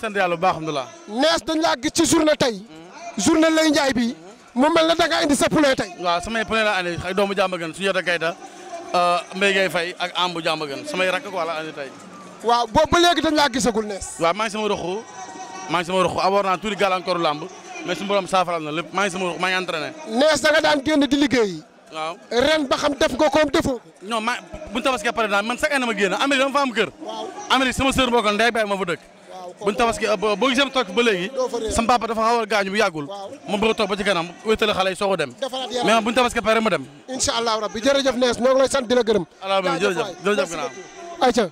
sant yàlla bu baax alhamdulilah. nees dañ laa gis ci journée tey. bi. mu mel na da sa poulet tey. waaw samay poulet laa andi su jota kayta la ba léegi dañ laa gisagul nees. waaw maa ngi sama roxu maa ngi sama roxu awoor naa tuuti gàllankooru làmb mais suñu borom saafaral na lépp maa ngi sama roxu maa ngi entraîné. nees da nga daan génn di liggéey. waaw ren ba xam def nga koom defoo. non ma bu ñu tabaskee pare naa man chaque année ma génn Amérique dama fa kër. waaw sama sœur boo ko ndey baay ma fa dëkk buñ tabaski boo gisee mu toog ba léegi dafa xaw a gaañu bu yàggul mu bëgg a toog ba ci kanam wéetale xale yi soog a dem mais buñ tabaski pare mu dem incha allah rabbi jërëjëf nees ñoo lay sant di la gërëm alaa